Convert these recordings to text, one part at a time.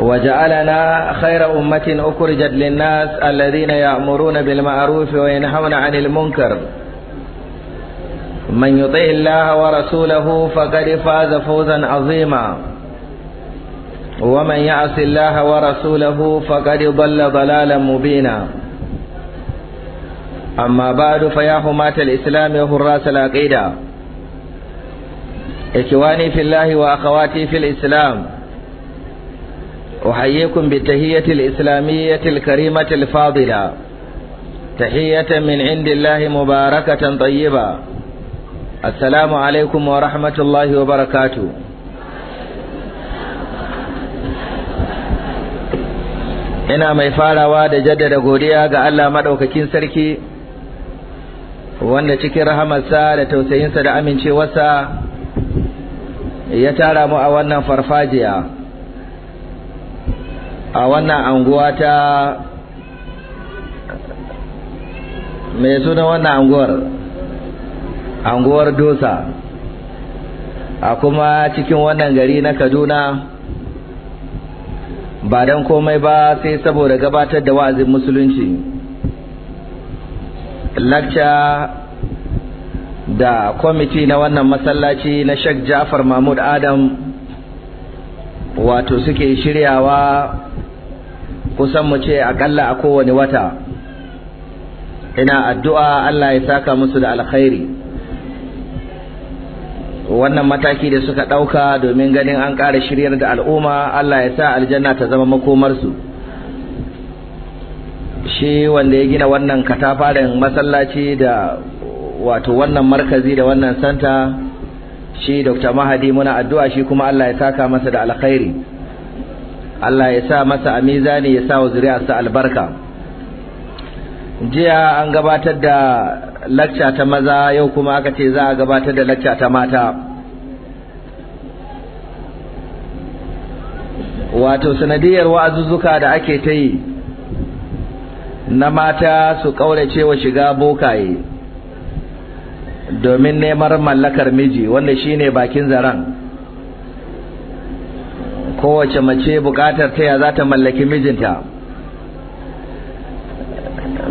وجعلنا خير أمة أخرجت للناس الذين يأمرون بالمعروف وينهون عن المنكر من يطع الله ورسوله فقد فاز فوزا عظيما ومن يعص الله ورسوله فقد ضل ضلالا مبينا أما بعد فيا حماة الإسلام وحراس العقيدة إخواني في الله وأخواتي في الإسلام أحييكم بالتهية الإسلامية الكريمة الفاضلة تحية من عند الله مباركة طيبة السلام عليكم ورحمة الله وبركاته ina mai farawa da jaddada godiya ga Allah maɗaukakin sarki wanda cikin rahamarsa da tausayinsa da amincewarsa ya tara mu a wannan farfajiya a wannan anguwa ta mai suna wannan anguwar anguwar dosa a kuma cikin wannan gari na kaduna ba don komai ba sai saboda gabatar da wa'azin musulunci lakca da kwamiti na wannan masallaci na shek jafar mahmud adam wato suke shiryawa kusan mu ce akalla a kowane wata ina addu'a Allah ya saka musu da alkhairi wannan mataki da suka ɗauka domin ganin an ƙara shiryar da al'umma Allah ya sa aljanna ta zama makomarsu shi wanda ya gina wannan katafaren masallaci da wato wannan markazi da wannan santa shi dr mahadi muna addu'a shi kuma Allah ya saka masa da alkhairi Allah ya sa masa amiza ne ya sa wa su albarka jiya an gabatar da lakca ta maza yau kuma aka ce za a gabatar da lakca ta mata wato sanadiyar wa'azuzzuka da ake ta yi na mata su ƙaurace wa shiga bokaye domin neman mallakar miji wanda shine bakin zaren kowace mace bukatar ta ya za ta mallaki mijinta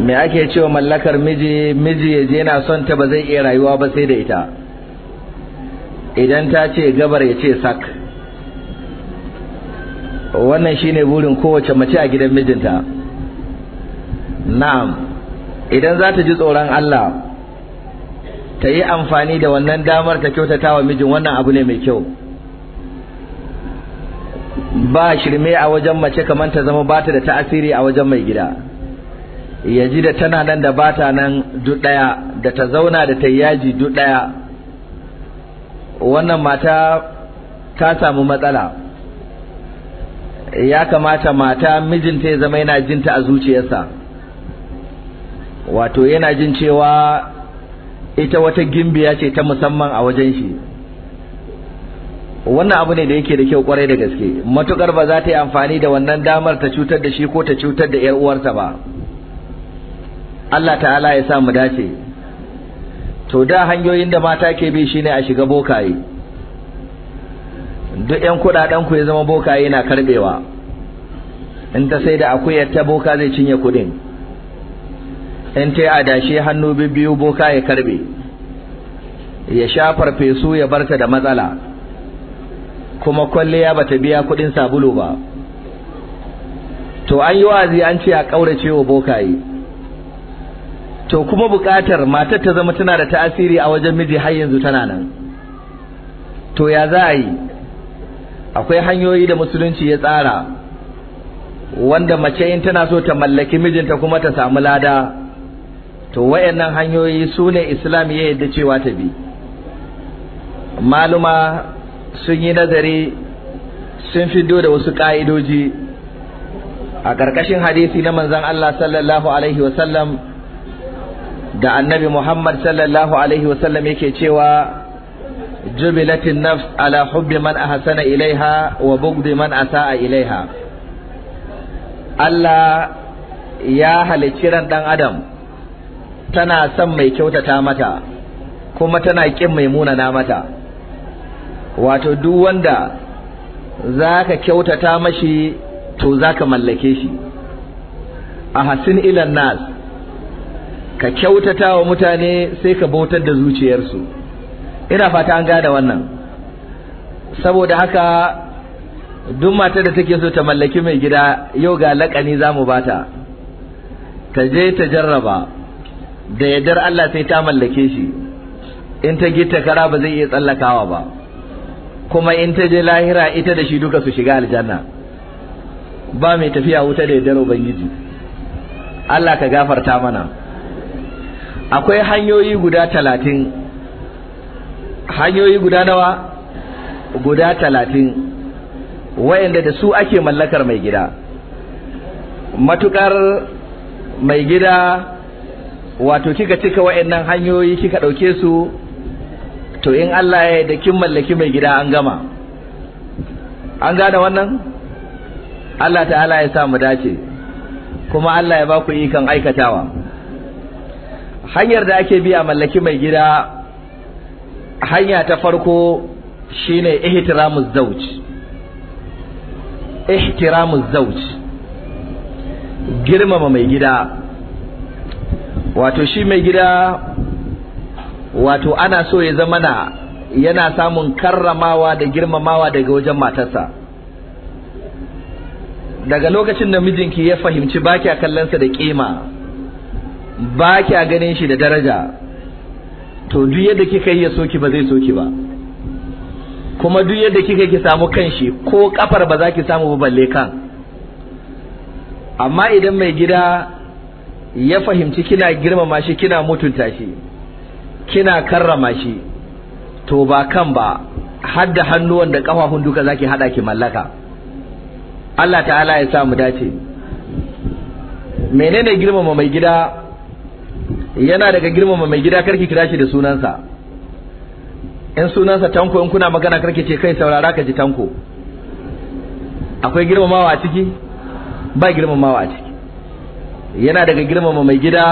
me ake cewa mallakar miji miji ya je na son ta ba zai iya rayuwa ba sai da ita idan ta ce gabar ya ce sak wannan shine burin kowace mace a gidan mijinta na'am idan za ta ji tsoron Allah ta yi amfani da wannan damar ta kyautata wa mijin wannan abu ne mai kyau ba shirme a wajen mace kamar ta zama bata da ta'asiri a wajen mai gida Yaji da tana nan da bata nan duk daya da ta zauna da ta yaji duk daya wannan mata ta samu matsala ya kamata mata mijinta ya zama yana jinta a zuciyarsa wato yana jin cewa ita wata gimbiya ce ta musamman a wajen shi wannan abu ne da yake da kyau kwarai da gaske matukar ba za ta yi amfani da wannan damar ta cutar da shi ko ta cutar da yar uwarta ba Allah ta'ala ya sa mu dace to da hanyoyin da mata ke bi shine a shiga bokaye duk yan kudaden ku ya zama bokaye na karbewa in ta sai da akuyar ta boka zai cinye kudin in ta yi dashe hannu bibbiyu boka ya karbe ya sha farfesu ya barta da matsala kuma kwalliya bata biya kudin sabulu ba to an yi wazi an ce a kaurace wa bokaye to kuma buƙatar matar ta zama tana da tasiri a wajen miji har yanzu tana nan to ya za a yi akwai hanyoyi da musulunci ya tsara wanda mace in tana so ta mallaki mijinta kuma ta samu lada to wayannan hanyoyi su ne islam ya yadda cewa ta bi maluma sun yi nazari sun fiddo da wasu ƙa'idoji a ƙarƙashin hadisi na manzan Allah sallallahu alaihi wasallam da annabi Muhammad sallallahu alaihi wasallam yake cewa jubilatin nafs ala hubbi man a hasana ilaiha wa bugdi man a sa’a ilaiha Allah ya halicci ran ɗan adam tana son mai kyautata mata kuma tana ƙin mai muna na mata wato duk wanda za ka kyautata mashi to za ka mallake shi a hasin ilan nas ka kyautata wa mutane sai ka bautar da zuciyarsu ina fata an gada wannan saboda haka duk matar da take so ta mallaki mai gida yau ga lakani zamu bata ta je ta jarraba da yardar Allah sai ta mallake shi in ta gita kara ba zai iya tsallakawa ba kuma in ta je lahira ita da shi duka su shiga aljanna ba mai tafiya wuta da yaddar ubangiji Allah ka gafarta mana akwai hanyoyi guda talatin hanyoyi guda nawa guda talatin wayanda da su ake mallakar mai gida matukar mai gida wato kika cika wayannan hanyoyi kika ɗauke su to in Allah ya yi da kin mallaki mai gida an gama an gane wannan Allah ta'ala ya sa mu dace kuma Allah ya ba ku ikon aikatawa hanyar da ake biya mallaki mai gida hanya ta farko shine ihtiramuz zawj ihtiramuz zawj girmama mai gida wato shi mai gida wato ana so ya zama na yana samun karramawa da girmamawa daga wajen matarsa daga lokacin da mijinki ya fahimci ba kallonsa da kima baki a ganin shi da daraja to duk yadda kika yi ya soki ba zai soki ba kuma duk yadda kika ki samu kanshi ko kafar ba za ki samu ba balle kan amma idan mai gida ya fahimci kina girmama shi kina mutunta shi kina karrama shi to ba kan ba har da hannuwan da kafafun duka zaki hada ki mallaka Allah ta'ala ya sa mu dace menene girmama mai gida yana daga girmama mai gida karki kira shi da sunansa in sunansa tanko in kuna magana karki ce kai saurara ka ji tanko akwai girmamawa a ciki ba girmamawa a ciki yana daga girmama mai gida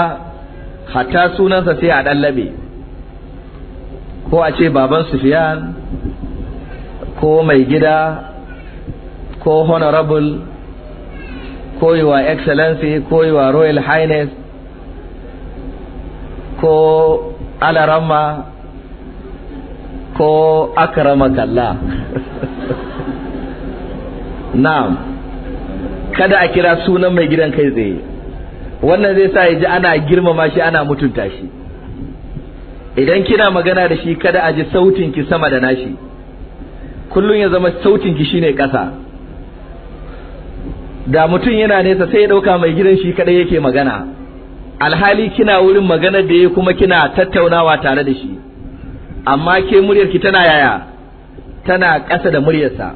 hatta sunansa sai a labe. ko a ce baban sufiyan ko mai gida ko honorable ko yi wa excellency ko yi wa royal highness ko alarama ko kalla na'am kada a kira sunan mai gidan kai tsaye wannan zai sa ya ji ana girmama shi ana mutunta shi idan kina magana da shi kada a ji sautin ki sama da nashi kullum ya zama sautin ki shine ƙasa da mutum yana nesa sai ya ɗauka mai gidan shi kadai yake magana alhali kina wurin magana da ya kuma kina tattaunawa tare da shi amma ke muryarki tana yaya tana ƙasa da muryarsa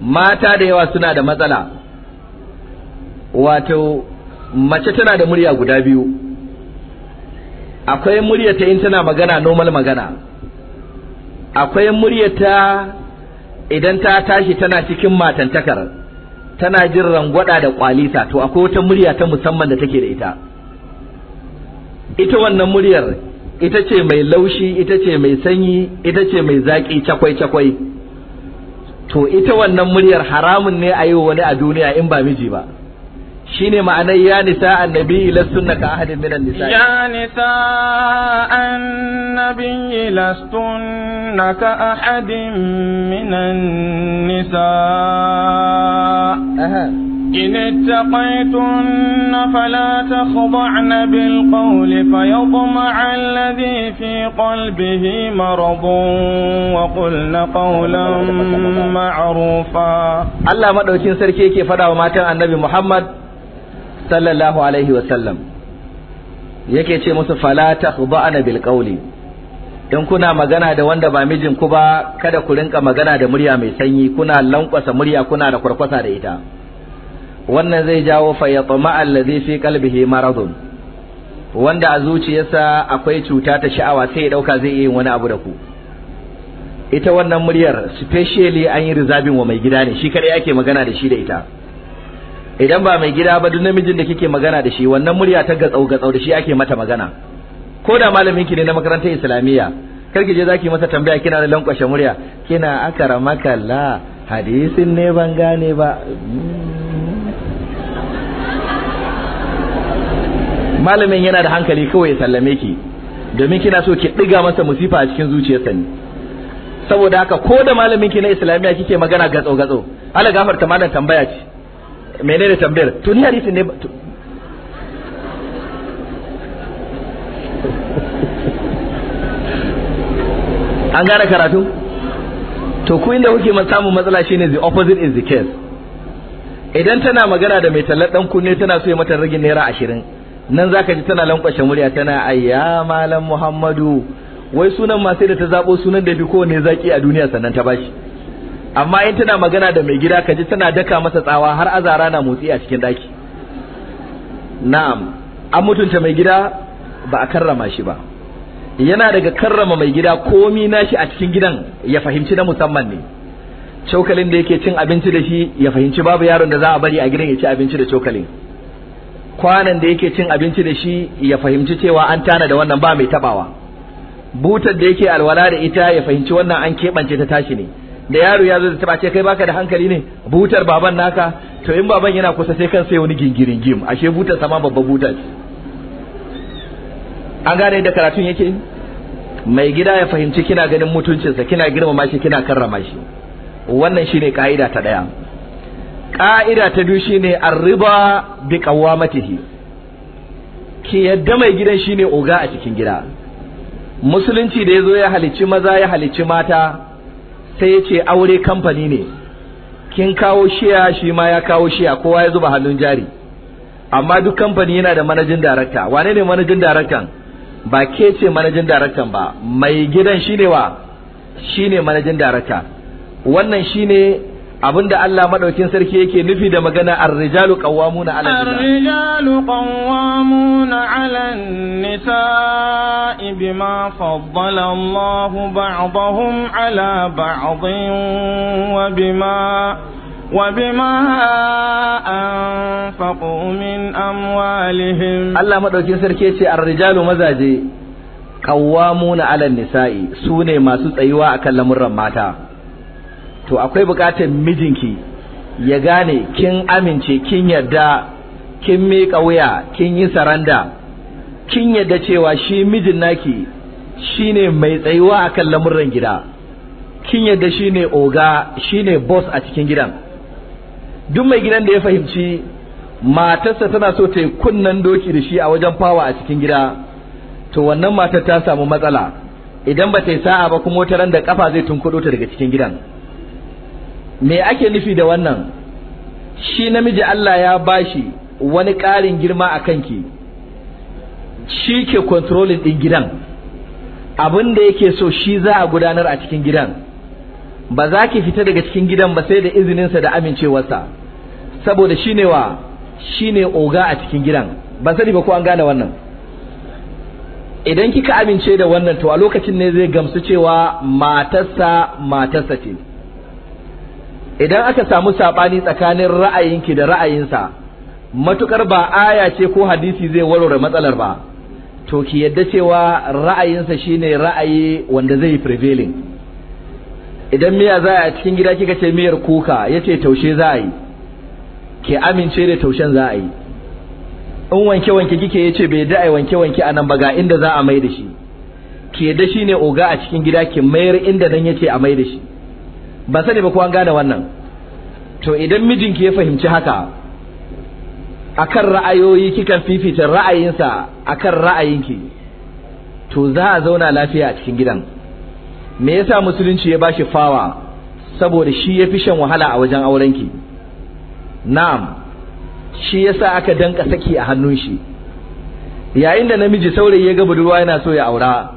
mata da yawa suna da matsala wato mace tana da murya guda biyu akwai muryata in tana magana normal magana akwai ta idan ta tashi tana cikin matantakar tana jin rangwada da kwalita to akwai wata murya ta musamman da take da ita ita wannan muryar ita ce mai laushi ita ce mai sanyi ita ce mai zaƙi cakwai cakwai to ita wannan muryar haramun ne a yi wani a duniya in ba miji ba shine ma'anar ya nisa annabi lastunna ka ahadin minan nisa ya nisa annabi lastunna ka ahadin minan nisa إن اتقيتن فلا تخضعن بالقول فيطمع الذي في قلبه مرض وقلن قولا معروفا الله ما دوكين سركي كي فدا وماتن النبي محمد sallallahu alaihi wasallam yake ce musu fala takhda'na bil qawli in kuna magana da wanda ba mijin ku ba kada ku rinka magana da murya mai sanyi kuna lankwasa murya kuna da kwarkwasa da ita wannan zai jawo fa yatma allazi fi qalbihi maradun wanda a zuciyarsa akwai cuta ta sha'awa sai ya dauka zai yi wani abu da ku ita wannan muryar specially an yi rizabin wa mai gida ne shi kadai ake magana da shi da ita idan ba mai gida ba duk namijin da kike magana da shi wannan murya ta gatsau gatsau da shi ake mata magana ko da malamin ki ne na makarantar islamiyya kar ki je zaki masa tambaya kina da lankwashe murya kina akramaka la hadisin ne ban gane ba malamin yana da hankali kawai ya sallame ki domin kina so ki diga masa musifa a cikin zuciyarsa ne saboda haka ko da malamin ki na islamiyya kike magana gatsau gatsau ala gafarta malam tambaya ce menene tambayar to ni hadisin ne an gane karatu to ku inda kuke samun matsala shine the opposite is the case idan tana magana da mai tallar dan kunne tana so ya mata ragin naira ashirin nan zaka ji tana lankwashe murya tana ayya malam muhammadu wai sunan masu da ta zabo sunan da bi kowane zaki a duniya sannan ta bashi amma in tana magana da mai gida kaji tana daka masa tsawa har azara na motsi a cikin daki na'am an mutunta mai gida ba a karrama shi ba yana daga karrama mai gida komi nashi a cikin gidan ya fahimci na musamman ne cokalin da yake cin abinci da shi ya fahimci babu yaron da za a bari a gidan ya ci abinci da cokalin kwanan da yake cin abinci da shi ya fahimci cewa an tana da wannan ba mai tabawa butar da yake alwala da ita ya fahimci wannan an keɓance ta tashi ne da yaro ya zo da taba ce kai baka da hankali ne butar baban naka to in baban yana kusa sai kan sai wani gingirin gim ashe butar sama babba buta ce an gane da karatun yake mai gida ya fahimci kina ganin mutuncinsa kina girmama shi kina karrama shi wannan shine ka'ida ta daya ka'ida ta biyu shine arriba bi qawamatihi ki yadda mai gidan shine oga a cikin gida musulunci da yazo ya halicci maza ya halicci mata sai yace aure kamfani ne kin kawo shiya shi ma ya kawo shiya kowa ya zuba hannun jari amma duk kamfani yana da manajin darakta wane ne manajin daraktan ba ke ce manajin daraktan ba mai gidan ne wa ne manajin darakta wannan shi ne. abinda Allah madaukin sarki yake nufi da magana ar-rijalu qawwamuna 'ala an-nisa ar-rijalu qawwamuna 'ala an nisa bima faddala Allahu ba'dahum 'ala ba'dhin wa bima anfaqu min amwalihim Allah madaukin sarki yace ar-rijalu mazaje qawwamuna 'ala an nisa sune masu tsayuwa akan lamurran mata to akwai bukatar mijinki ya gane kin amince kin yarda kin mika wuya kin yi saranda kin yarda cewa shi mijin naki shine mai tsayuwa akan lamurran gida kin yarda shine oga shine boss a cikin gidan duk mai gidan da ya fahimci matarsa tana so ta yi kunnan doki da shi a wajen fawa a cikin gida to wannan matar ta samu matsala idan ba ta yi sa'a ba kuma wata ran da kafa zai tunkuɗo ta daga cikin gidan me ake nufi da wannan shi namiji Allah ya bashi wani ƙarin girma a kanki shi ke controlling ɗin gidan abin da yake so shi za a gudanar a cikin gidan ba za ki fita daga cikin gidan ba sai da izininsa da amincewarsa saboda shi ne wa shi ne oga a cikin gidan ba sani ba ko an gane wannan idan kika amince da wannan to a lokacin ne zai gamsu cewa matarsa matarsa ce idan aka samu sabani tsakanin ra'ayinki da ra'ayinsa matukar ba aya ce ko hadisi zai warware matsalar ba to ki yadda cewa ra'ayinsa shine ra'ayi wanda zai prevailing idan miya za a cikin gida kika ce miyar kuka yace taushe za a yi ke amince da taushen za a yi in wanke wanke kike yace bai da ai wanke wanke anan ba ga inda za a mai da shi ke da shine oga a cikin gida ki mayar inda nan yace a mai da shi ba sani ba ko an gane wannan to idan mijinki ya fahimci haka akan ra'ayoyi kika fifita ra'ayinsa akan ra'ayinki to za a zauna lafiya a cikin gidan me yasa musulunci ya bashi fawa saboda shi ya fi shan wahala a wajen aurenki na'am shi yasa aka danka saki a hannun shi yayin da namiji saurayi ya ga budurwa yana so ya aura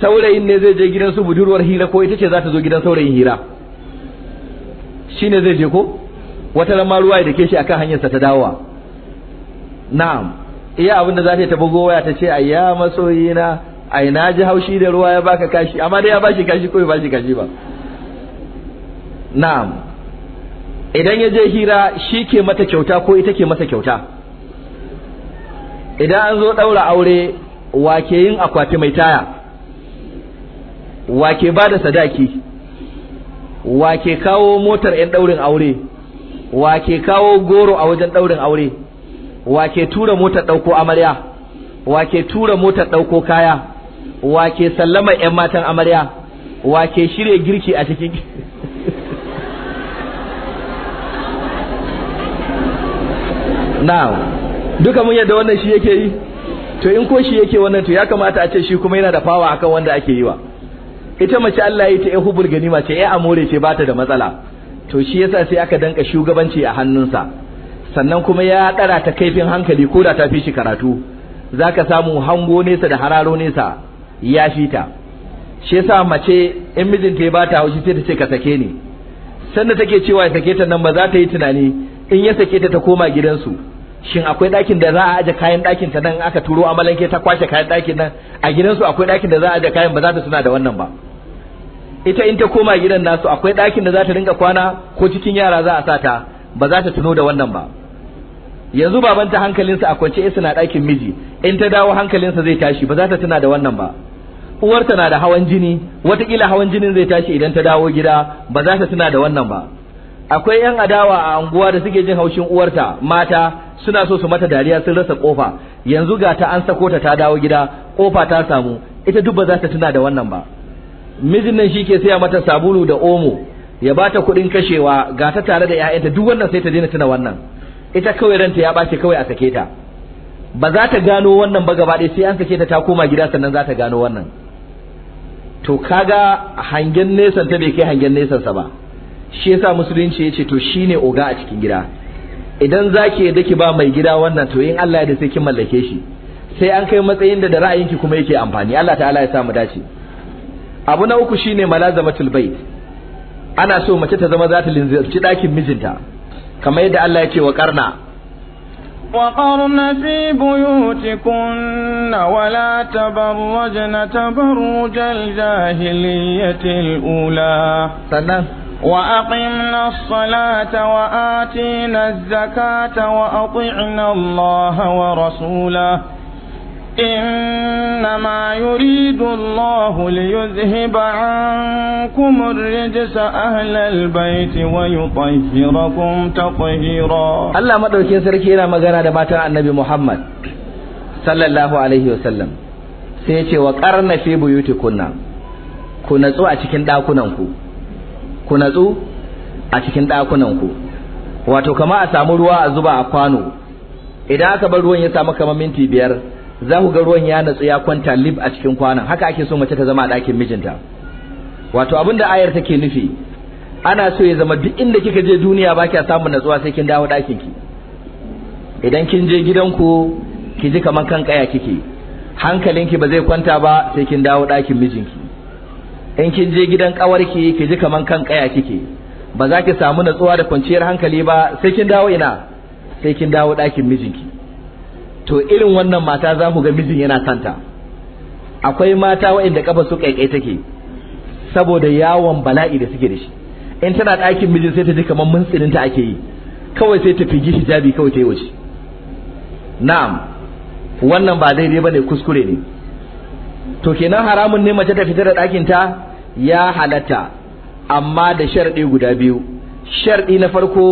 saurayin ne zai je gidan su budurwar hira ko ita ce za ta zo gidan saurayin hira shine zai je ko wata ran ma ruwa ya dake shi akan hanyarsa ta dawowa na'am iya abin da zata ta bugo waya ta ce ayya masoyina ai na ji haushi da ruwa ya baka kashi amma dai ya bashi kashi ko ya bashi kashi ba na'am idan ya je hira shi ke mata kyauta ko ita ke masa kyauta idan an zo ɗaura aure wake yin akwati mai taya wake ba da sadaki wa ke kawo motar 'yan ɗaurin aure wa ke kawo goro a wajen ɗaurin aure wa ke tura motar ɗauko amarya wa ke tura motar ɗauko kaya wa ke sallama 'yan matan amarya wa ke shirya girki a cikin now duka mun yadda wannan shi yake yi to in ko shi yake wannan to ya kamata a ce shi kuma yana da fawa akan wanda ake yi wa ita mace Allah ya ta ya hubul ganima ce ya amore ce bata da matsala to shi yasa sai aka danka shugabanci a hannunsa sannan kuma ya tsara ta kaifin hankali ko da ta fi shi karatu zaka samu hango nesa da hararo nesa ya fi ta shi yasa mace in mijinta ya bata haushi sai ta ce ka sake ni sanda take cewa ya sake ta nan ba za ta yi tunani in ya sake ta ta koma gidansu shin akwai ɗakin da za a aje kayan ɗakin ta nan aka turo amalanke ta kwashe kayan ɗakin nan a gidansu akwai ɗakin da za a aje kayan ba za ta suna da wannan ba ita in ta koma gidan nasu akwai ɗakin da za ta rinka kwana ko cikin yara za a sata ba za ta tuno da wannan ba yanzu babanta hankalinsa a kwance isa na ɗakin miji in ta dawo hankalinsa zai tashi ba za ta tuna da wannan ba uwarta na da hawan jini watakila hawan jinin zai tashi idan ta dawo gida ba za ta tuna da wannan ba akwai yan adawa a anguwa da suke jin haushin uwarta mata suna so su mata dariya sun rasa kofa yanzu ga ta an sako ta ta dawo gida kofa ta samu ita duk ba za ta tuna da wannan ba mijin nan shi ke saya mata sabulu da omo ya ba ta kuɗin kashewa ga ta tare da ƴaƴanta duk wannan sai ta daina tuna wannan ita kawai ranta ya ɓace kawai a sake ta ba za ta gano wannan ba gaba ɗaya sai an sake ta ta koma gida sannan za ta gano wannan to kaga hangen nesan ta bai kai hangen nesan sa ba shi yasa musulunci ya ce to ne oga a cikin gida idan za ki yadda ki ba mai gida wannan to in Allah ya da sai kin mallake shi sai an kai matsayin da da ra'ayinki kuma yake amfani Allah ta'ala ya sa mu dace abu na uku shine malazamatul bait ana so mace ta zama zata linzi dakin mijinta kamar da Allah yake wa karna wa qarna fi buyutikunna wa la tabarrajna tabarrujal jahiliyatil ula sanan wa aqimna ssalata wa atina zakata wa atina allaha wa إنما يريد الله ليذهب عنكم الرجس أهل البيت ويطهركم تطهيرا الله ما دوكين سركينا مغانا دماتا النبي محمد صلى الله عليه وسلم سيتي وقرن في بيوتكنا كنا أتكين داكننكو أتكين داكننكو كنا kama a samu واتو كما أسامروا a أقانو idan aka bar ruwan ya samu kamar minti biyar za ku ga ruwan ya natsu ya kwanta lib a cikin kwanan haka ake so mace ta zama a ɗakin mijinta wato abin da ayar take nufi ana so ya zama duk inda kika je duniya ba kya samun natsuwa sai kin dawo ɗakin ki idan kin je gidanku ki ji kaman kan kaya kike hankalinki ba zai kwanta ba sai kin dawo ɗakin mijinki in kin je gidan ƙawarki ki ji kaman kan kaya kike ba za ki samu natsuwa da kwanciyar hankali ba sai kin dawo ina sai kin dawo ɗakin mijinki to irin wannan mata za ku ga mijin yana santa akwai mata waɗanda kafa su kaikai take saboda yawon bala'i da suke da shi in tana ɗakin mijin sai ta ji kamar mun ta ake yi kawai sai ta shi hijabi kawai ta yi waje na'am wannan ba daidai ba ne kuskure ne to kenan haramun ne mace ta fita da ɗakin ta ya halatta amma da sharɗi guda biyu sharɗi na farko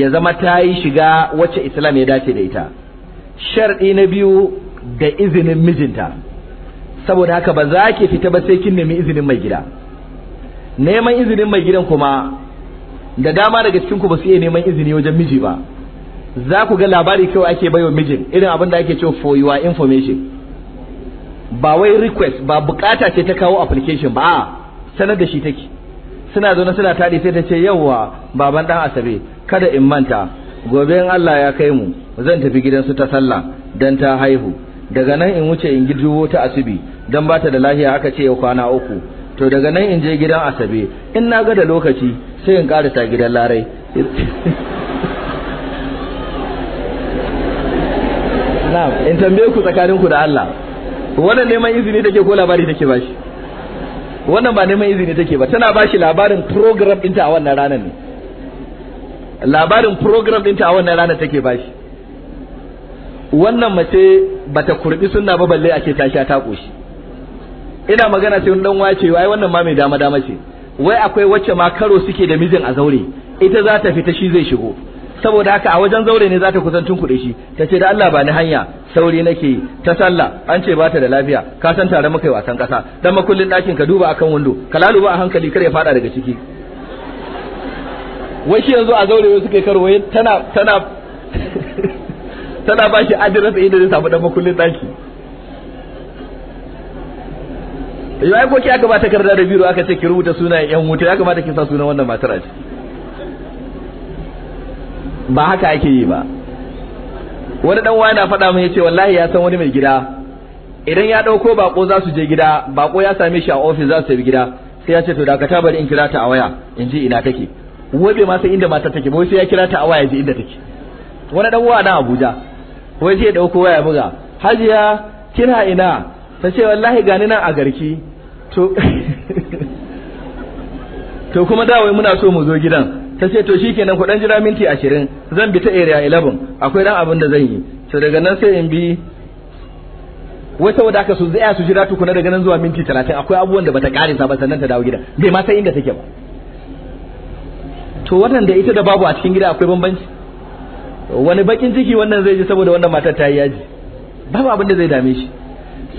ya zama ta yi shiga wacce islam ya dace da ita sharɗi na biyu da izinin mijinta saboda haka ba za ki fita ba sai kin nemi izinin mai gida neman izinin mai gidan kuma da dama daga cikin ku ba su iya neman izini wajen miji ba za ku ga labari kawai ake baiwa mijin irin abin da ake cewa for your information ba wai request ba bukata ce ta kawo application ba sanar da shi take suna zaune suna taɗi sai ta ce yawwa baban ɗan asabe kada in manta gobe in Allah ya kai mu zan tafi gidansu ta sallah dan ta haihu daga nan in wuce in giduwo ta asibi dan bata da lafiya aka ce ya kwana uku to daga nan in je gidan asabe in na ga da lokaci sai in ta gidan larai na'am in tambaye ku tsakanin ku da Allah wannan neman izini take ko labari take bashi wannan ba neman izini take ba tana bashi labarin program ɗinta a wannan ranar ne labarin program ɗinta a wannan rana take bashi wannan mace bata kurbi sunna ba balle ake tashi ta koshi ina magana sai wani dan wace wai wannan ma mai dama dama ce wai akwai wacce ma karo suke da mijin a zaure ita za ta fita shi zai shigo saboda haka a wajen zaure ne za ta kusan kuɗi shi ta ce da Allah ba ni hanya sauri nake ta sallah an ce ba ta da lafiya ka san tare muka yi wasan kasa dan makullin ɗakin ka duba akan wando kalalu ba a hankali kar ya fada daga ciki wai shi yanzu a zaure suke suka yi karo wai tana tana tana ba shi adirasa inda zai samu dan makullin daki yau ai koki aka ba takarda da biro aka ce ki rubuta sunayen yan wuta ya kamata ki sa sunan wannan matar a ba haka ake yi ba wani dan wani na faɗa min yace wallahi ya san wani mai gida idan ya dauko bako za su je gida bako ya same shi a ofis za su tafi gida sai ya ce to dakata bari in kira ta a waya in ji ina take wai bai ma san inda matar take ba wai sai ya kira ta a waya ji inda take wani dan uwa na Abuja wai sai ya dauko waya buga hajiya kina ina ta ce wallahi gani nan a garki to to kuma da wai muna so mu zo gidan ta ce to shikenan ku dan jira minti 20 zan bi ta area 11 akwai dan abin da zan yi to daga nan sai in bi wai saboda haka su zai su jira tukuna daga nan zuwa minti 30 akwai abubuwan da bata karisa ba sannan ta dawo gida bai ma san inda take ba to wannan da ita da babu a cikin gida akwai bambanci wani bakin ciki wannan zai ji saboda wannan matar ta yi yaji babu abin da zai dame shi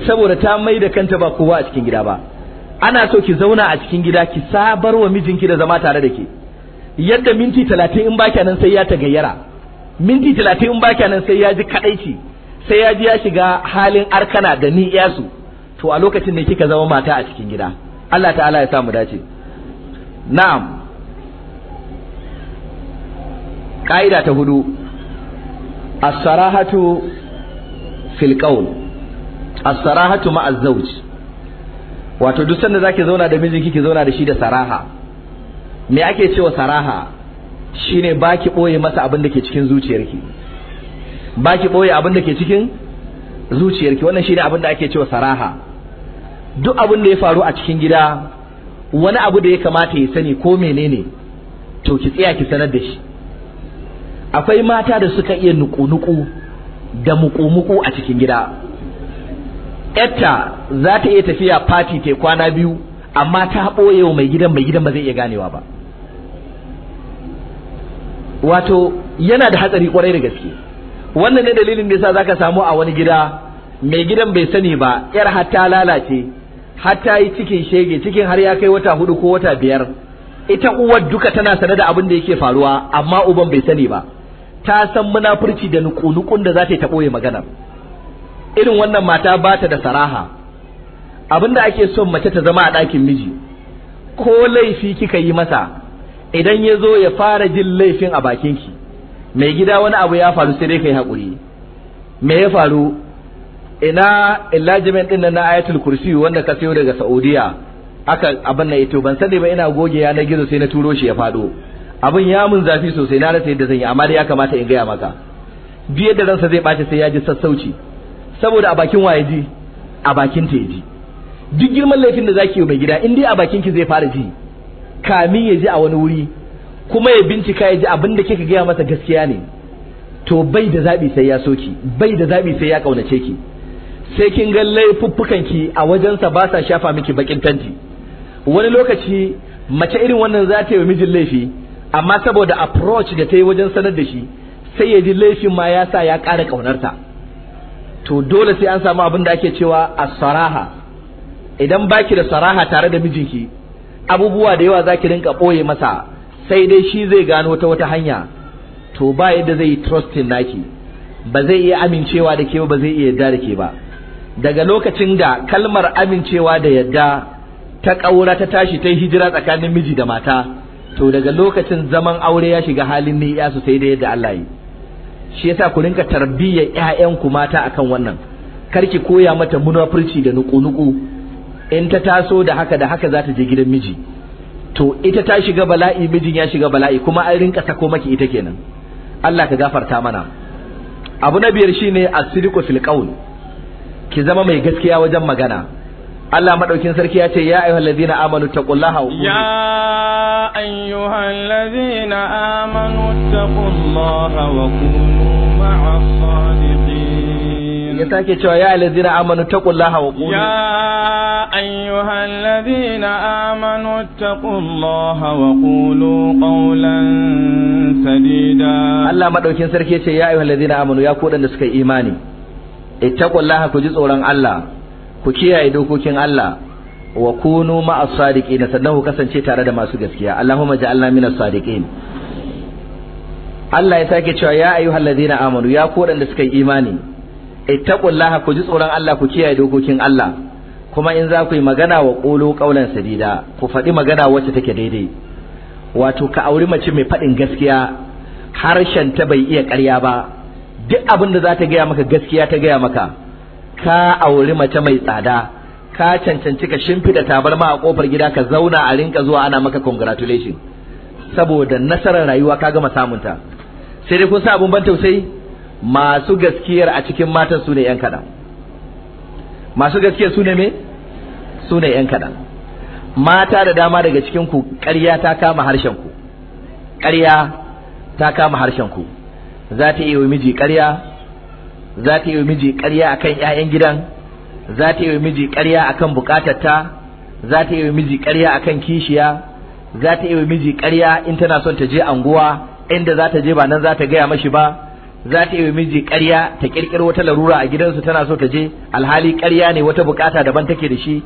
saboda ta mai da kanta ba kowa a cikin gida ba ana so ki zauna a cikin gida ki sabar wa mijinki da zama tare da ke yadda minti talatin in baki nan sai ya ta gayyara minti talatin in baki nan sai ya ji kadaici sai ya ji ya shiga halin arkana da ni iyasu to a lokacin da kika zama mata a cikin gida Allah ta'ala ya samu dace na'am ka'ida ta hudu as-sarahatu fil qawl as-sarahatu ma'a zawj wato duk sanda zaki zauna da mijinki kike zauna da shi da saraha me ake cewa saraha shine baki boye masa abin da ke cikin zuciyarki baki boye abin da ke cikin zuciyarki wannan shine abin da ake cewa saraha duk abin da ya faru a cikin gida wani abu da ya kamata ya sani ko menene to ki tsaya ki sanar da shi akwai mata da suka iya nuku-nuku da muku-muku a cikin gida yatta za ta iya tafiya fati ta kwana biyu amma ta ɓoye wa mai gidan mai gidan ba zai iya ganewa ba wato yana da hatsari kwarai da gaske wannan ne dalilin da yasa zaka samu a wani gida mai gidan bai sani ba yar har ta lalace hatta yi cikin shege cikin har ya kai wata hudu ko wata biyar ita uwar duka tana sane da abin da yake faruwa amma uban bai sani ba ta san munafurci da nukunukun da za ta yi ta ɓoye magana irin wannan mata ba ta da saraha abinda ake son mace ta zama a ɗakin miji ko laifi kika yi masa idan ya zo ya fara jin laifin a bakinki mai gida wani abu ya faru sai dai kai haƙuri me ya faru ina ilajimin ɗin na ayatul kursi wanda ka sayo daga saudiya aka abin na ito ban sani ba ina goge yanar gizo sai na turo shi ya faɗo abin ya mun zafi sosai na rasa yadda zan yi amma dai ya kamata in gaya maka duk da ransa zai bace sai ya ji sassauci saboda a bakin waye ji a bakin ta ji duk girman laifin da zaki yi mai gida in dai a bakin ki zai fara ji Kami ya ji a wani wuri kuma ya bincika ya ji abin da kika gaya masa gaskiya ne to bai da zaɓi sai ya soki bai da zabi sai ya kaunace ki sai kin ga laifuffukan ki a wajensa ba sa shafa miki bakin tanti wani lokaci mace irin wannan za ta yi wa mijin laifi amma saboda approach da ta yi wajen sanar da shi sai ya ji laifin ma ya sa ya ƙara ƙaunarta to dole sai an samu abin da ake cewa a saraha idan baki da saraha tare da mijinki abubuwa da yawa zaki rinka ɓoye masa sai dai shi zai gano ta wata hanya to ba yadda zai yi trusting naki ba zai iya amincewa da ke ba ba zai iya yarda da ke ba daga lokacin da kalmar amincewa da yarda ta ƙaura ta tashi ta hijira tsakanin miji da mata to daga lokacin zaman aure ya shiga halin ni ya su sai da yadda Allah yi shi yasa ku rinka tarbiyyar ƴaƴanku mata akan wannan kar ki koya mata munafurci da nuku-nuku in ta taso da haka da haka za ta je gidan miji to ita ta shiga bala'i mijin ya shiga bala'i kuma an rinka sako maki ita kenan Allah ka gafarta mana abu na biyar shine asiriku fil qawl ki zama mai gaskiya wajen magana Allah madaukin sarki ya ce ya ayyuhal ladzina amanu taqullaha wa ya ayyuhal ladzina amanu taqullaha wa kunu ma'as sadiqin ya take cewa ya ayyuhal amanu taqullaha wa kunu ya ayyuhal ladzina amanu taqullaha wa qulu qawlan sadida Allah madaukin sarki ya ce ya ayyuhal ladzina amanu ya ku da suka imani ittaqullaha ku ji tsoron Allah ku kiyaye dokokin Allah wa kunu ma'as sadiqin sannan ku kasance tare da masu gaskiya Allahumma ja'alna minas sadiqin Allah ya sake cewa ya ayyuhal ladina amanu ya ku da suka yi imani ittaqullaha ku ji tsoron Allah ku kiyaye dokokin Allah kuma in za ku yi magana wa qulu qawlan sadida ku faɗi magana wacce take daidai wato ka auri mace mai faɗin gaskiya harshen ta bai iya ƙarya ba duk abin da za ta gaya maka gaskiya ta gaya maka ka auri mace mai tsada ka cancanci ka shimfida tabarma a kofar gida ka zauna a rinka zuwa ana maka congratulation saboda nasarar rayuwa ka gama samunta sai dai kun sa abun ban tausayi masu gaskiyar a cikin matan su ne yan kaɗan masu gaskiyar su ne me su ne yan kaɗan mata da dama daga cikin ku ƙarya ta kama harshen ku ƙarya ta kama harshen ku za ta iya miji ƙarya za ta yi miji ƙarya akan 'ya'yan gidan za ta yi miji ƙarya akan bukatarta za ta yi miji ƙarya akan kishiya za ta yi miji ƙarya in tana son ta je anguwa inda za ta je ba nan za ta gaya mashi ba za ta yi miji ƙarya ta ƙirƙiro wata larura a gidansu tana so ta je alhali karya ne wata bukata daban take da shi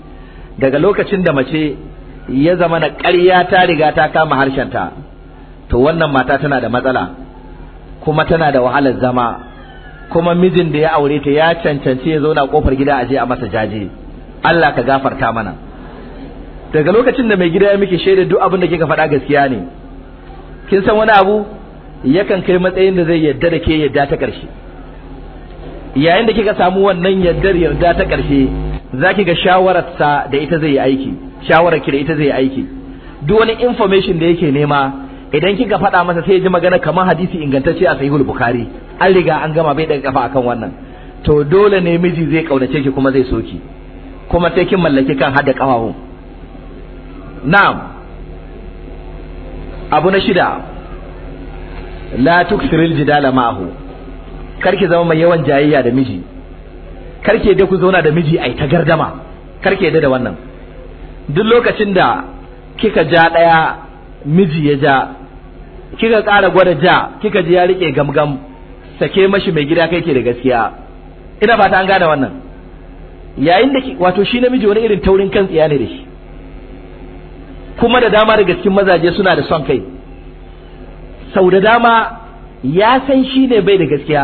daga lokacin da mace ya zama na karya ta riga ta kama harshenta to wannan mata tana da matsala kuma tana da wahalar zama kuma mijin da ya aure ta ya cancanci ya zauna kofar gida a je a masa jaje Allah ka gafarta mana daga lokacin da mai gida ya miki shaida duk abin da kika faɗa gaskiya ne kin san wani abu yakan kai matsayin da zai yadda da ke yadda ta ƙarshe yayin da kika samu wannan yaddar yarda ta ƙarshe zaki ga shawararsa da ita zai yi aiki shawarar ki da ita zai yi aiki duk wani information da yake nema idan kika faɗa masa sai ya ji magana kamar hadisi ingantacce a sahihul bukhari an riga an gama bai daga kafa akan wannan to dole ne miji zai kaunace ki kuma zai soki kuma sai kin mallaki kan hada kawawo na'am abu na shida la tuksiril jidala ma'ahu karki zama mai yawan jayayya da miji karki da ku zauna da miji ai ta gardama karki da da wannan duk lokacin da kika ja daya miji ya ja kika ƙara gwada ja kika ji ya rike gamgam sake mashi mai gida kai ke da gaskiya ina ta an gane wannan yayin da wato shi namiji wani irin taurin kan tsiya ne da shi kuma da dama daga cikin mazaje suna da son kai sau da dama ya san shi ne bai da gaskiya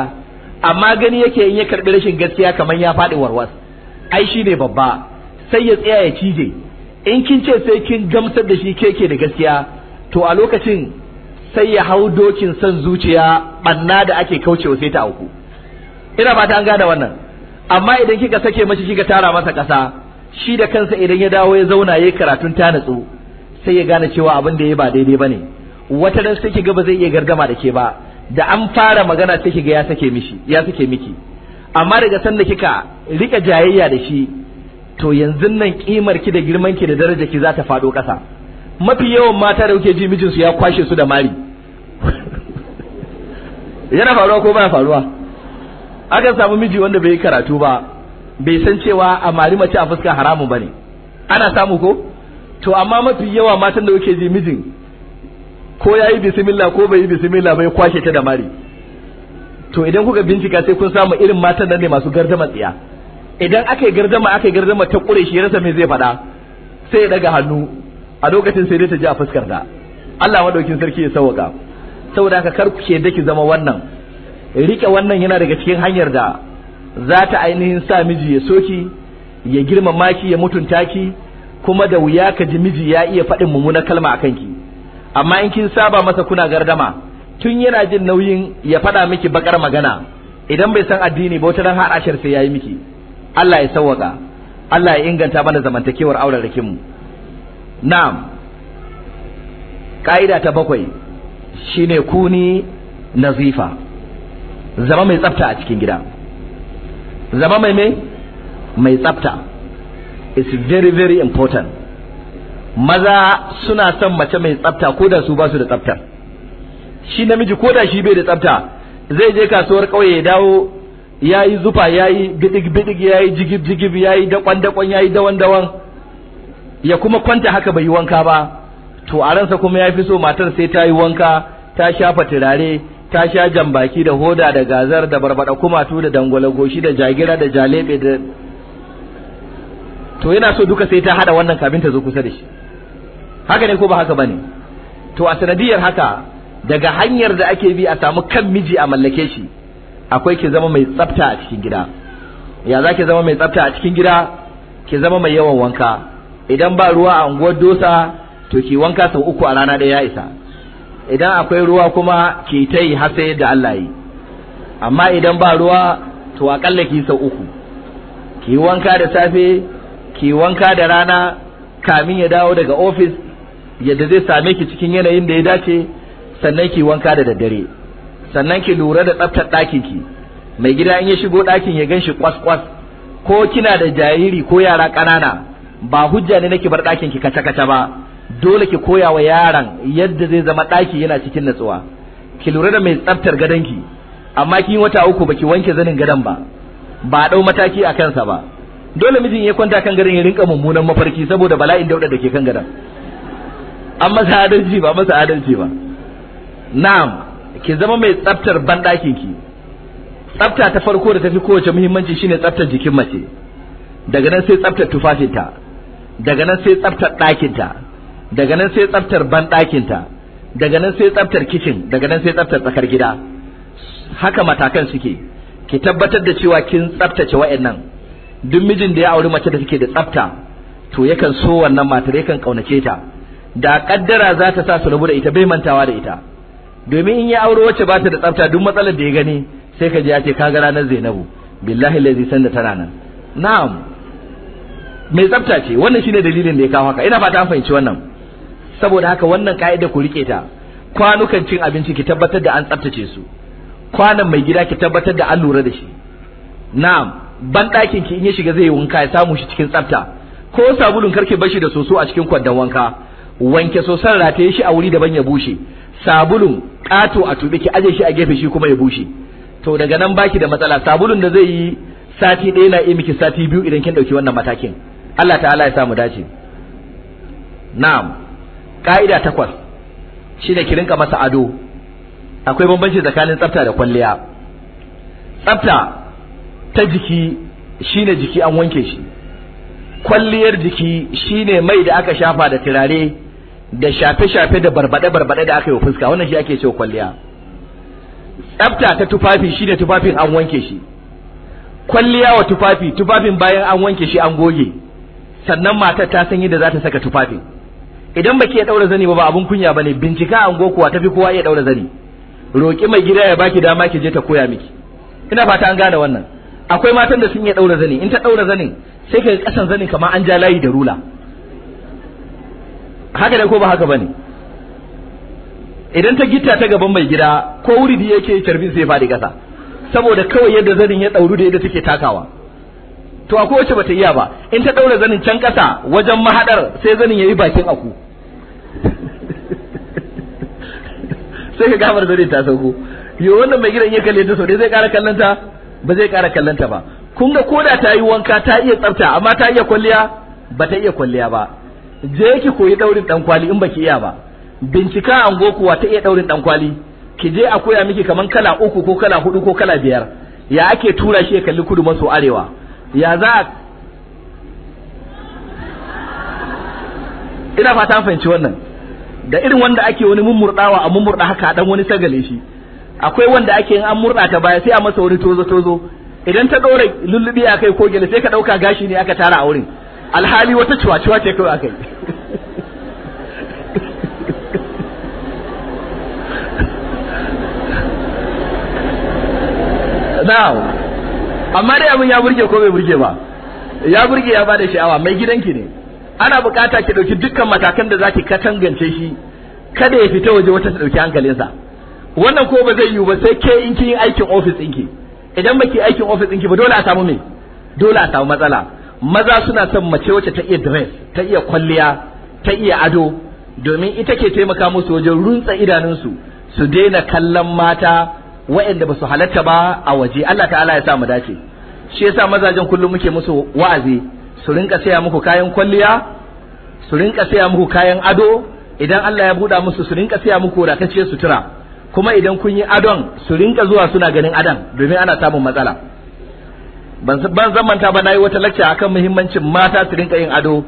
amma gani yake in ya karbi rashin gaskiya kamar ya faɗi warwas ai shi ne babba sai ya tsaya ya cije in kin ce sai kin gamsar da shi keke da gaskiya to a lokacin sai ya hau dokin son zuciya banna da ake kauce kaucewa sai ta auku ina ba ta an gane wannan amma idan kika sake mace kika tara masa kasa shi da kansa idan ya dawo ya zauna yayi karatun ta natsu sai ya gane cewa abin da ya ba daidai bane wata ran sai kiga ba zai iya gargama da ke ba da an fara magana sai kiga ya sake mishi ya sake miki amma daga san da kika rika jayayya da shi to yanzu nan kimar ki da girman ki da daraja ki za ta fado kasa mafi yawan mata da kuke ji mijinsu ya kwashe su da mari yana faruwa ko baya faruwa akan samu miji wanda bai karatu ba bai san cewa a mari mace a fuska haramun bane ana samu ko to amma mafi yawa matan da kuke ji mijin ko yayi bismillah ko bai yi bismillah bai kwashe ta da mari to idan kuka bincika sai kun samu irin matan nan ne masu gardama tsiya idan aka yi gardama aka yi gardama ta kure shi rasa me zai faɗa sai ya daga hannu a lokacin sai dai ta ji a fuskar ta Allah madaukin sarki ya sauka saboda haka kar ku ke daki zama wannan rike wannan yana daga cikin hanyar da za ta ainihin sa miji ya soki ya girmama ki ya mutunta ki kuma da wuya ka ji miji ya iya faɗin mumuna kalma a ki. amma in kin saba masa kuna gardama tun yana jin nauyin ya faɗa miki bakar magana idan bai san addini ba wata ran har ashar sai yayi miki Allah ya sauwaka Allah ya inganta mana zamantakewar auren rikinmu mu na'am ka'ida ta bakwai shine kuni nazifa zama mai tsafta a cikin gida zama mai mai mai tsafta It's very very important maza suna son mace mai tsafta ko da su ba su da tsafta. shi namiji ko da shi bai da tsafta zai je kasuwar ƙauye ya dawo yayi zufa yayi bidig bidig yayi jigib jigib yayi dakwan dakwan yayi dawan dawan ya kuma kwanta haka bai yi wanka ba to a ransa kuma ya fi so matar sai ta yi wanka ta shafa turare ta sha jambaki da hoda da gazar da barbada kumatu da dangwala goshi da jagira da jalebe da to yana so duka sai ta hada wannan kafin ta zo kusa da shi haka ne ko ba haka bane to a sanadiyar haka daga hanyar da ake bi a samu kan miji a mallake shi akwai ki zama mai tsafta a cikin gida ya za ki zama mai tsafta a cikin gida ki zama mai yawan wanka idan ba ruwa a unguwar dosa to ki wanka sau uku a rana ɗaya ya isa idan akwai ruwa kuma ki ta yi har sai yadda Allah yi amma idan ba ruwa to aƙalla ki sau uku ki wanka da safe ki wanka da rana kamin ya dawo daga ofis yadda zai same ki cikin yanayin da ya dace sannan ki wanka da daddare sannan ki lura da tsaftar ɗakin ki mai gida in ya shigo ɗakin ya gan shi kwas kwas ko kina da jariri ko yara ƙanana ba hujja ne nake bar ɗakin ki kace kace ba dole ki koya wa yaron yadda zai zama ɗaki yana cikin natsuwa ki lura da mai tsaftar gadonki amma kin wata uku baki wanke zanin gadon ba ba dau mataki a kansa ba dole mijin ya kwanta kan gadon ya rinka mummunan mafarki saboda bala'in dauda da ke kan gadon an masa adalci ba masa adalci ba na'am ki zama mai tsaftar banɗakin ki tsafta ta farko da tafi kowace muhimmanci shine tsaftar jikin mace daga nan sai tsaftar tufafinta daga nan sai tsaftar ɗakinta daga nan sai tsaftar ban banɗakinta daga nan sai tsaftar kicin daga nan sai tsaftar tsakar gida haka matakan suke ki tabbatar da cewa kin tsaftace wa'annan duk mijin da ya auri mace da take da tsafta to yakan so wannan matar yakan kaunace ta da kaddara za ta sa su rabu da ita bai mantawa da ita domin in ya auri wacce ba ta da tsafta duk matsalar da ya gani sai ka je ya ce ka ga ranar Zainabu billahi lazi san da tana nan na'am mai tsafta ce wannan shine dalilin da ya kawo haka ina fata an fahimci wannan saboda haka wannan ka'ida ku rike ta kwanukan cin abinci ki tabbatar da an tsaftace su kwanan mai gida ki tabbatar da an lura da shi na'am ban ɗakin ki in ya shiga zai wanka ya samu shi cikin tsafta ko sabulun kar ki bashi da soso a cikin kwandon wanka wanke sosan rataye shi a wuri daban ya bushe sabulun ƙato a tube ki aje shi a gefe shi kuma ya bushe to daga nan baki da matsala sabulun da zai yi sati ɗaya na iya miki sati biyu idan kin ɗauki wannan matakin Allah ta'ala ya samu dace na'am ka'ida takwas shine ki rinka masa ado akwai bambanci tsakanin tsafta da kwalliya tsafta ta jiki shine jiki an wanke shi kwalliyar jiki shine mai da aka shafa da turare da shafe-shafe da barbade-barbade da aka yi wa fuska wannan shi ake cewa kwalliya tsafta ta tufafi shine tufafin an wanke shi kwalliya wa tufafi tufafin bayan an wanke shi an goge sannan matar ta san yadda za ta saka tufafin idan baki ya daura zani ba ba abun kunya bane bincika ango kuwa tafi kowa ya daura zani roki mai gida ya baki dama ki je ta koya miki ina fata an gane wannan akwai matan da sun iya daura zani in ta daura zanin sai kai kasan zanin kamar an ja layi da rula haka da ko ba haka bane idan ta gitta ta gaban mai gida ko wuri da yake carbin sai ya fadi kasa saboda kawai yadda zanin ya dauru da yadda take takawa to akwai wacce bata iya ba in ta daura zanin can kasa wajen mahadar sai zanin yayi bakin aku sai ka gamar zanin ta sauko yo wannan mai gidan ya kalle ta zai kara kallon ta ba zai kara kallon ta ba kun ga koda ta yi wanka ta iya tsafta amma ta iya kwalliya ba ta iya kwalliya ba je ki koyi daurin dan kwali in baki iya ba bincika ango kuwa ta iya daurin dan kwali ki je a koya miki kaman kala uku ko kala hudu ko kala biyar ya ake tura shi ya kalli kudu maso arewa ya za ina fata fahimci wannan da irin wanda ake wani mummurdawa a mummurda haka dan wani sagale shi akwai wanda ake in an murda ta baya sai a masa wani tozo tozo idan ta dore lullubi a kai ko gele sai ka dauka gashi ne aka tara a wurin alhali wata cuwa cuwa ce kawai akai now amma dai abin ya burge ko bai burge ba ya burge ya bada sha'awa mai gidanki ne ana bukata ki dauki dukkan matakan da zaki katangance shi kada ya fita waje wata ta dauki hankalinsa wannan ko ba zai yiwu ba sai ke in kin yi aikin office ɗinki idan baki aikin office ɗinki ba dole a samu me dole a samu matsala maza suna son mace wacce ta iya dress ta iya kwalliya ta iya ado domin ita ke taimaka musu wajen runtsa idanunsu su daina kallon mata wa'anda ba su halatta ba a waje Allah ta'ala ya sa mu dace shi yasa mazajen kullum muke musu wa'azi su rinka saya muku kayan kwalliya su rinka saya muku kayan ado idan Allah ya buɗa musu su rinka saya muku su tura. kuma idan kun yi adon su rinka zuwa suna ganin adon domin ana samun matsala ban zan manta ba nayi wata lacca akan muhimmancin mata su rinka yin ado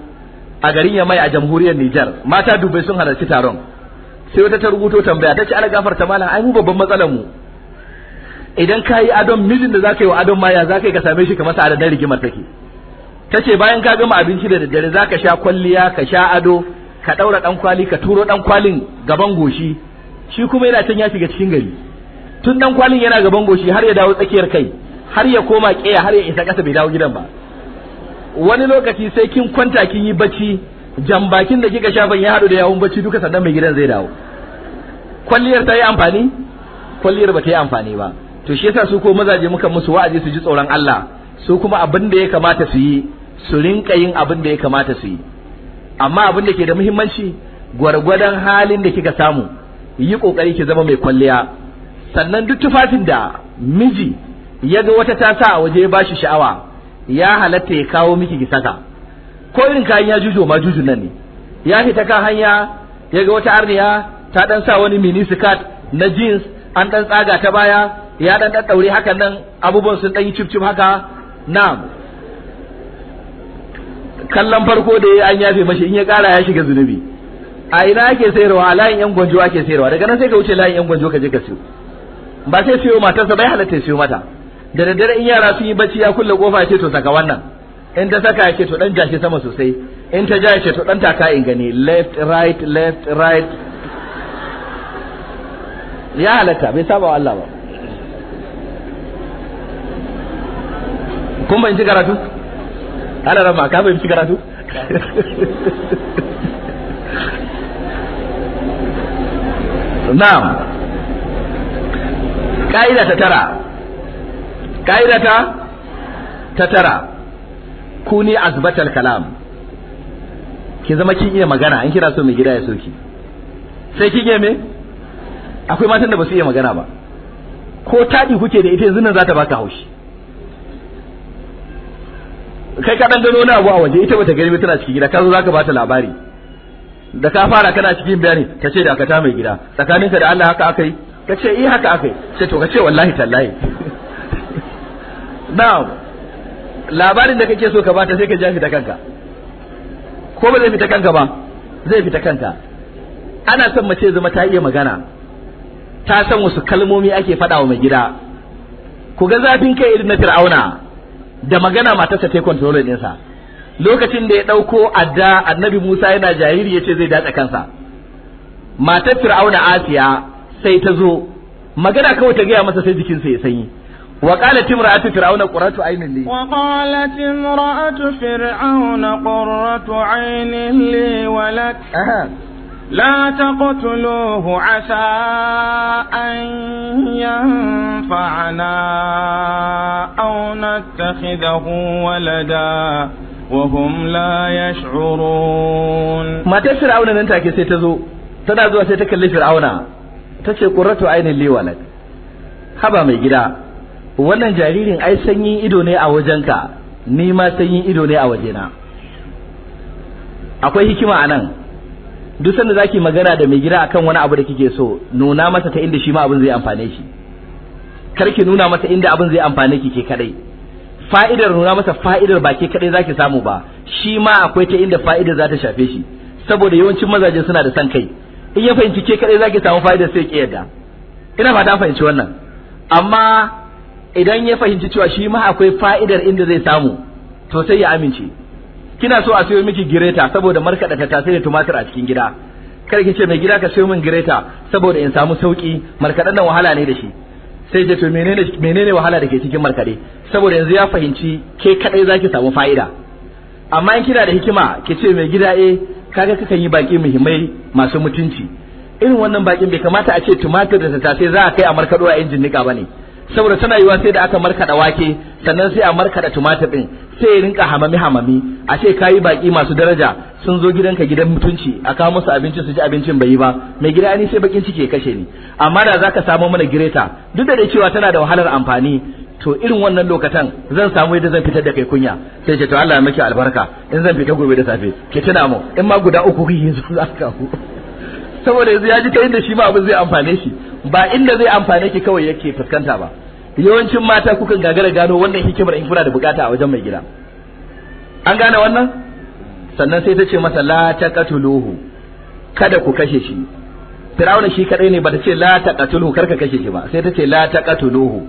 a garin ya mai a jamhuriyar Nijar mata dubai sun halarci taron sai wata ta rubuto tambaya ta ci ana gafarta malam ai mu babban matsalar mu idan ka yi adon mijin da za ka yi wa adon maya za ka yi ka same shi kamar sa'adar rigimar take ta ce bayan ka gama abinci da daddare za ka sha kwalliya ka sha ado ka ɗaura ɗan kwali ka turo ɗan kwalin gaban goshi shi kuma yana can ya shiga cikin gari tun ɗan kwalin yana gaban goshi har ya dawo tsakiyar kai har ya koma ƙeya har ya isa ƙasa bai dawo gidan ba wani lokaci sai kin kwanta kin yi bacci jambakin da kika shafan ya haɗu da yawon bacci duka sannan mai gidan zai dawo kwalliyar ta yi amfani kwalliyar ba ta yi amfani ba to shi yasa su ko mazaje muka musu wa'azi su ji tsoron Allah su kuma abin da ya kamata su yi su rinka yin abin da ya kamata su yi amma abin da ke da muhimmanci gwargwadon halin da kika samu yi kokari ki zama mai kwalliya sannan duk tufafin da miji ya ga wata ta sa a waje ya bashi sha'awa ya halatta ya kawo miki ki saka ko irin kayan ya jujo ma jujun nan ne ya fita kan hanya ya ga wata arniya ta dan sa wani mini skirt na jeans an dan tsaga ta baya ya dan daddaure hakan nan abubuwan sun dan yi cip haka na'am kallon farko da ya an yafe mashi in ya kara ya shiga zunubi a ina ake sayarwa a layin yan gwanjo ake sayarwa daga nan sai ka wuce layin yan gwanjo ka je ka siyo ba sai siyo matarsa bai halatta siyo mata da daddare in yara sun yi bacci ya kulle kofa ya ce to saka wannan in ta saka ya ce to dan jashi sama sosai in ta ja ya ce to dan taka in gani left right left right ya halatta bai saba wa Allah ba kun ci karatu ana rama ka ci karatu na'am ka'ida ta tara ka'ida ta ta tara ne azbatal kalam ki zama kin iya magana in kira so mai gida ya soki sai kike me akwai matan da ba su iya magana ba ko taɗi kuke da ita yanzu nan za ta baka haushi kai ka dan gano wani abu a waje ita bata gani ba tana cikin gida ka zo zaka bata labari da ka fara kana cikin bayani ka ce da aka ta mai gida tsakaninka da Allah haka akai ka ce eh haka akai sai to ka ce wallahi tallahi na'am labarin da kake so ka bata sai ka ja fita kanka ko ba zai fita kanka ba zai fita kanka ana son mace zama ta iya magana ta san wasu kalmomi ake faɗa wa mai gida ku ga zafin kai irin na fir'auna da magana matarsa ta control ɗinsa lokacin da ya ɗauko adda annabi Musa yana jahiri ya ce zai datsa kansa matar fir'auna asiya sai ta zo magana kawai ta gaya masa sai jikinsa ya sanyi وقالت امرأة فرعون قرة عين لي وقالت امرأة فرعون قرة عين لي ولك أه. لا تقتلوه عسى أن ينفعنا أو نتخذه ولدا وهم لا يشعرون ما تسر عونا ننتا كي ستزو تنازو اللي ستكلي فرعونا تسي قرة عين اللي ولد haba mai gida wannan jaririn ai sanyin ido ne a wajenka ni ma sanyin ido ne a wajena akwai hikima anan duk sanda zaki magana da mai gida akan wani abu da kike so nuna masa ta inda shi ma abin zai amfane shi kar ki nuna masa inda abin zai amfane ki ke kadai fa'idar nuna masa fa'idar ba ke kadai zaki samu ba shi ma akwai ta inda fa'idar za ta shafe shi saboda yawancin mazaje suna da san kai in ya fahimci ke kadai zaki samu fa'idar sai ki yarda ina fata fahimci wannan amma idan ya fahimci cewa shi ma akwai fa'idar inda zai samu to sai ya amince kina so a sayo miki gireta saboda markaɗa tattasai da tumatir a cikin gida kar ki ce mai gida ka sayo min gireta saboda in samu sauki markaɗan nan wahala ne da shi sai ce to menene menene wahala da ke cikin markaɗe saboda yanzu ya fahimci ke kadai zaki samu fa'ida amma in kina da hikima ki ce mai gida eh kaga kakan yi baki muhimmai masu mutunci irin wannan bakin bai kamata a ce tumatir da ta tasiri za a kai a markado a injin nika bane saboda tana yiwa sai da aka markada wake sannan sai a markada tumatir din sai ya rinka hamami hamami a ce kayi baki masu daraja sun zo gidanka gidan mutunci a kawo musu abinci su ji abincin bai yi ba mai gida ni sai bakin ciki ya kashe ni amma da zaka samo mana gireta duk da dai cewa tana da wahalar amfani to irin wannan lokatan zan samu yadda zan fitar da kai kunya sai ce to Allah ya maki albarka in zan fita gobe da safe ke tuna mu in ma guda uku kuke yanzu za ka saboda yanzu ya ji kai inda shi ma abin zai amfane shi ba inda zai amfane ki kawai yake fuskanta ba yawancin mata kukan gagara gano wannan hikimar in kuna da bukata a wajen mai gida an gane wannan sannan sai ta ce masa la taqatuluhu kada ku kashe shi Firawuna shi kadai ne bata ce la taqatuluhu kar ka kashe shi ba sai ta ce la taqatuluhu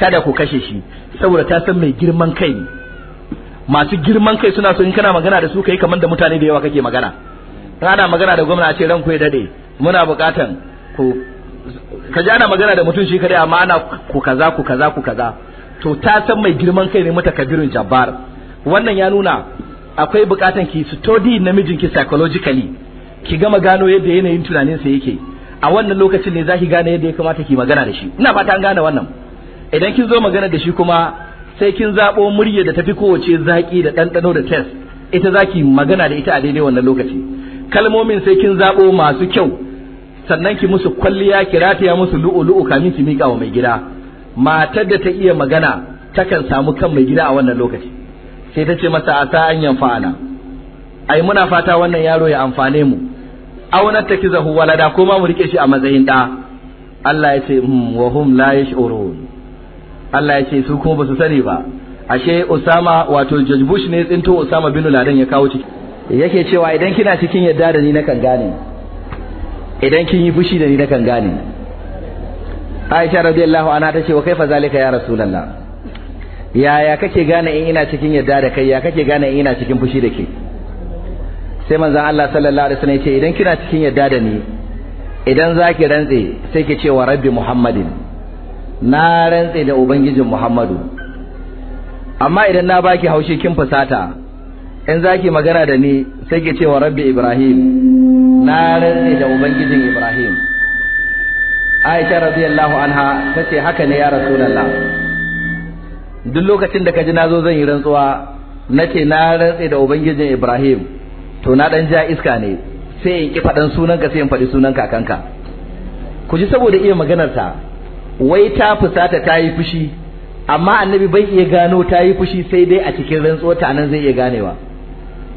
kada ku kashe shi saboda ta san mai girman kai ne masu girman kai suna so in kana magana da su kai kamar da mutane da yawa kake magana ana magana da gwamna a ce ranku ya dade muna bukatan ku ka ji ana magana da mutum shi kadai amma ana ku kaza ku kaza ku kaza to ta san mai girman kai ne mata kabirin jabbar wannan ya nuna akwai bukatan ki study namijin ki psychologically ki gama gano yadda yanayin tunanin sa yake a wannan lokacin ne zaki gane yadda ya kamata ki magana da shi ina fata an gane wannan idan kin zo magana da shi kuma sai kin zabo murya da tafi kowace zaki da ɗanɗano da test ita zaki magana da ita a daidai wannan lokaci kalmomin sai kin zabo masu kyau sannan ki musu kwalliya ki rataya musu lu'ulu'u kamin ki mika wa mai gida matar da ta iya magana takan samu kan mai gida a wannan lokaci sai ta ce masa a sa an fa'ana ai muna fata wannan yaro ya amfane mu aunar ta kizahu walada ko ma mu rike shi a matsayin da Allah ya ce hmm, wa hum la yash'urun Allah ya ce su kuma ba su sani ba ashe Usama wato George Bush ne tsinto Usama bin Laden ya kawo ciki yake cewa idan kina cikin yadda da ni kan gane idan kin yi fushi da ni na kan gane Aisha radiyallahu anha tace wa kaifa zalika ya rasulullah yaya kake gane in ina cikin yadda da kai ya kake gane in ina cikin fushi da ke sai manzon Allah sallallahu alaihi wasallam yace idan kina cikin yadda da ni idan zaki rantse sai ki ce wa rabbi muhammadin na rantse da ubangijin muhammadu amma idan na baki haushi kin fusata in zaki magana da ni sai ki ce wa rabbi ibrahim na rantse da ubangijin ibrahim aisha radiyallahu anha tace haka ne ya rasulullah duk lokacin da kaji nazo zan yi rantsuwa nace na rantse da ubangijin ibrahim to na dan ja iska ne sai in ki fadan sunanka sai in faɗi sunan kakanka ku ji saboda iya maganar ta wai ta fusata ta yi fushi amma annabi bai iya gano ta yi fushi sai dai a cikin rantsuwa ta nan zai iya ganewa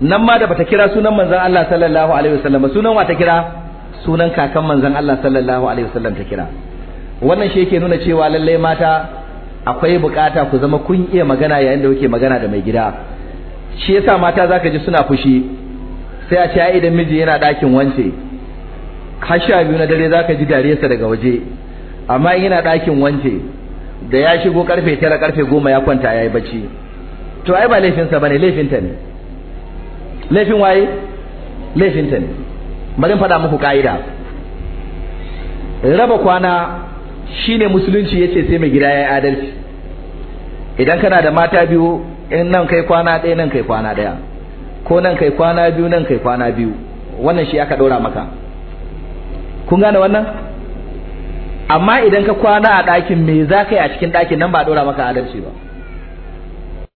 nan ma da bata kira sunan manzon Allah sallallahu alaihi wasallam sunan wa ta kira sunan kakan manzon Allah sallallahu alaihi wasallam ta kira wannan shi yake nuna cewa lalle mata akwai bukata ku zama kun iya magana yayin da kuke magana da mai gida shi yasa mata zaka ji suna fushi sai a ce ai idan miji yana dakin wance kasha biyu na dare zaka ji dariyarsa daga waje amma in yana dakin wance da ya shigo karfe tara karfe goma ya kwanta yayi bacci to ai ba laifinsa ba ne laifinta ne laifin waye laifinta ne bari fada muku ka'ida raba kwana shine musulunci yace sai mai gida ya adalci idan kana da mata biyu in nan kai kwana ɗaya nan kai kwana ɗaya ko nan kai kwana biyu nan kai kwana biyu wannan shi aka ɗora maka kun gane wannan amma idan ka kwana a ɗakin me za ka yi a cikin ɗakin nan ba a ɗora maka adalci ba